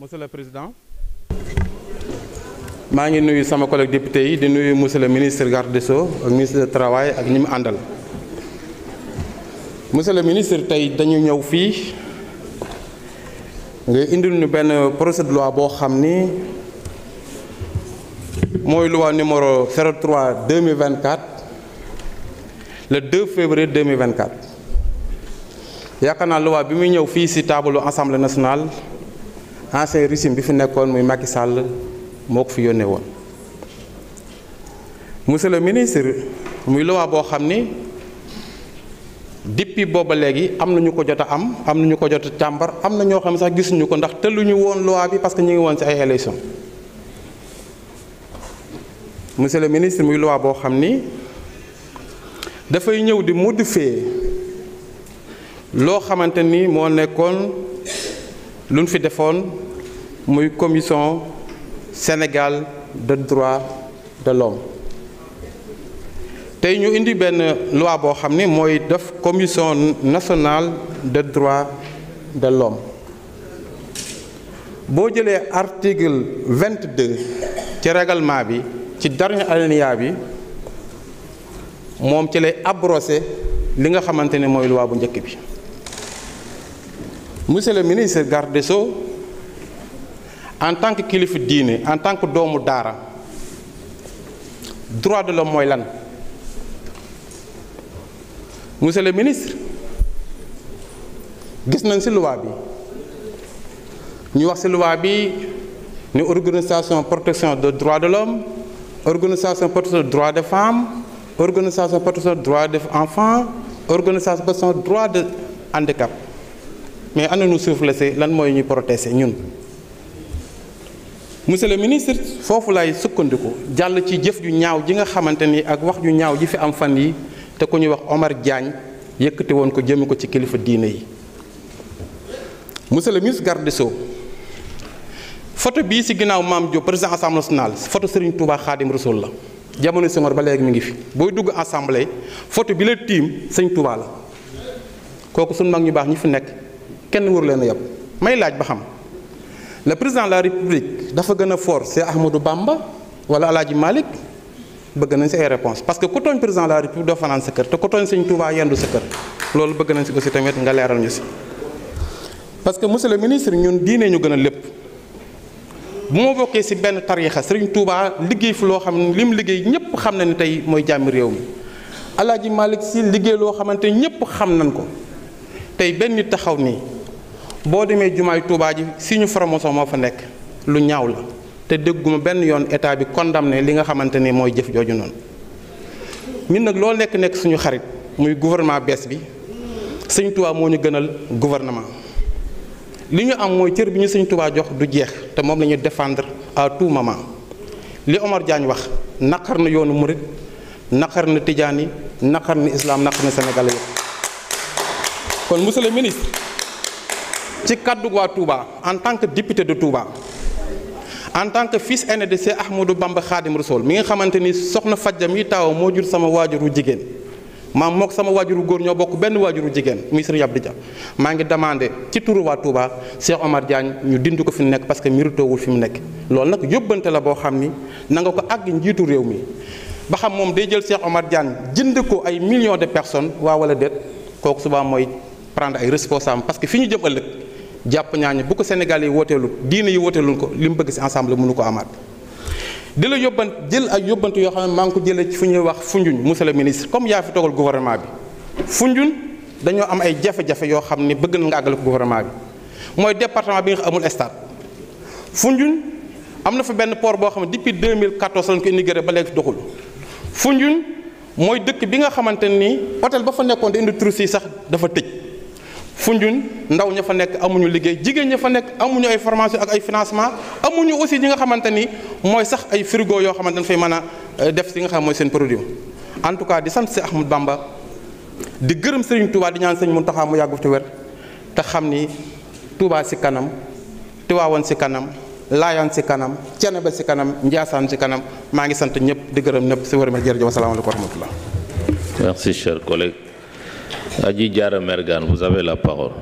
monsieur le président. maa ngi nuyu sama collègue député yi di nuyu monsieur le ministre garde des Sceaux ak ministre du travail ak ñi mu àndal. monsieur le ministre tey dañu ñëw fii nga indil ñu benn projet boo xam ni mooy loi numéro 03 2024 le 2 février 2024 yaakaar naa loi bi muy ñëw fii ci taabalu assemblée nationale. ancien régime bi fi nekkoon muy Macky Sall moo ko fi yónnee woon monsieur le ministre muy loi boo xam ni depuis booba léegi am na ñu ko jot a am am na ñu ko jot a càmbar am na ñoo xam ne sax gisuñu ko ndax ñu woon loi bi parce que ñu ngi woon ci ay élection monsieur le ministre muy loi boo xam ni dafay ñëw di modifier loo xamante ni moo nekkoon. lu ñu fi defoon muy commission Sénégal de droit de l'homme tey ñu indi benn loi boo xam ne mooy def commission nationale de droit de l'homme boo jëlee article 22 ci règlement bi ci dernier alinéa bi moom ci lay abrosé li nga xamante ni mooy loi bu njëkk bi monsieur le ministre garde des Sceaux en tant que kilifa diine en tant que doomu daara droit de l'homme mooy lan monsieur le ministre gis nañ ci loi bi ñu wax ci loi bi ne organisation protection de droit de l'homme organisation protection de droit des femmes organisation protection droit des enfants organisation protection droit de handicap mais ana nu suuf la si lan mooy ñu protester ñun monsieur le ministre foofu laay sukkandiku jàll ci jëf ju ñaaw ji nga xamante ni ak wax ju ñaaw ji fi am fan yi te ku ñuy wax Omar Diagne yëkkate woon ko jëme ko ci kilifa diine yi monsieur le ministre garde so Sceaux bii ci ginnaaw Maam Diop président assemblée nationale photo Serigne Touba Khadim la jamono Senghor ba léegi mi ngi fi booy dugg assemblée photo bi la tiim sëñ Touba la kooku su mag ñu baax ñi fi nekk kenn wër leen a yab may laaj ba xam le président la république dafa gën a foor fort c'est Ahmadou Bamba wala Alaaji Malick bëgg nañ ci ay réponse parce que ku tooñ président de la république doo fanaan sa kër te ku tooñ Sëñ Tuubaa yendu sa kër loolu bëgg nañ si tamit nga leeral ñu si parce que monsieur le ministre ñun diine ñu gën a lépp bu ma bokkee si benn tariixa Sëriñ Tuubaa liggéey fi loo xam ne li mu liggéey ñëpp xam na ne tey mooy jàmmi réew mi ji Malick si liggéey loo xamante ñëpp xam nañ ko tey benn taxaw nii boo demee jumaay Touba ji si ñu franc moo fa nekk lu ñaaw la te dégguma benn yoon état bi condamné li nga xamante ne mooy jëf jooju noonu ñun nag loo nekk nekk suñu xarit muy gouvernement bees bi sëñ Touba moo ñu gënal gouvernement li ñu am mooy cër bi ñu sëñ Touba jox du jeex te moom la ñuy défendre à tout moment li Omar Diagne wax naqar na yoonu murit naqar na tijaan yi naqar na islaam naqar na sénégalais yëpp kon monsieur ministre ci kàddu waa Touba en tant que député de Touba en tant que fils aîné de Cheikh Ahmadou Bamba Khadim Rassoul mi nga xamante ni soxna fajjam yi taaw moo jur sama waajuru jigéen maam mook sama waajuru góor ñoo bokk benn waajuru jigéen muy Serigne Abdou Dia maa ngi demandé ci turu waa Touba Cheikh Omar Diagne ñu dindi ko fi mu nekk parce que méritowul fi mu nekk loolu nag yóbbante la boo xam ni nanga ko àgg njiitu réew mi ba xam moom day jël Cheikh Omar Diagne jënd ko ay millions de personnes waa wala déet kooku subaa mooy prendre ay responsable parce que fi ñu jëm ëllëg jàpp ñaañu bu ko Sénégal yi wooteelu diine yi wooteelu ko li mu bëgg si ensemble nu ko amaat. di la yóbban jël ak yóbbante yoo xam ne maa ngi ko jëlee ci fu ñuy wax Foundiougne monsieur le ministre comme yaa fi toogal gouvernement bi Foundiougne dañoo am ay jafe-jafe yoo xam ne bëgg na nga àggale ko gouvernement bi mooy département bi nga xam amul stade am na fa benn port boo xam ne depuis 2014 lañ ko inauguré ba léegi doxul Foundiougne mooy dëkk bi nga xamante nii hôtel ba fa nekkoon di indi yi sax dafa tëj. Foundiougne ndaw ña fa nekk amuñu liggéey jigéen ña fa nekk amuñu ay formation ak ay financement amuñu aussi ñi nga xamante ni mooy sax ay frigo yoo xamante ne fay man a euh, def si nga xam mooy seen produit en tout cas di sant si ax mu bàmba di gërëm Serigne Touba di ñaan mu Mountakha mu yàggu te wér te xam ni Touba si kanam Tiwaawan si kanam Laayaan si kanam Ceneba si kanam Njaasaan si kanam maa ngi sant ñëpp di gërëm ñëpp si wér ma jërëjëf asalaamaaleykum wa rahmatullah merci Adji Diarra Mergane, vous avez la parole.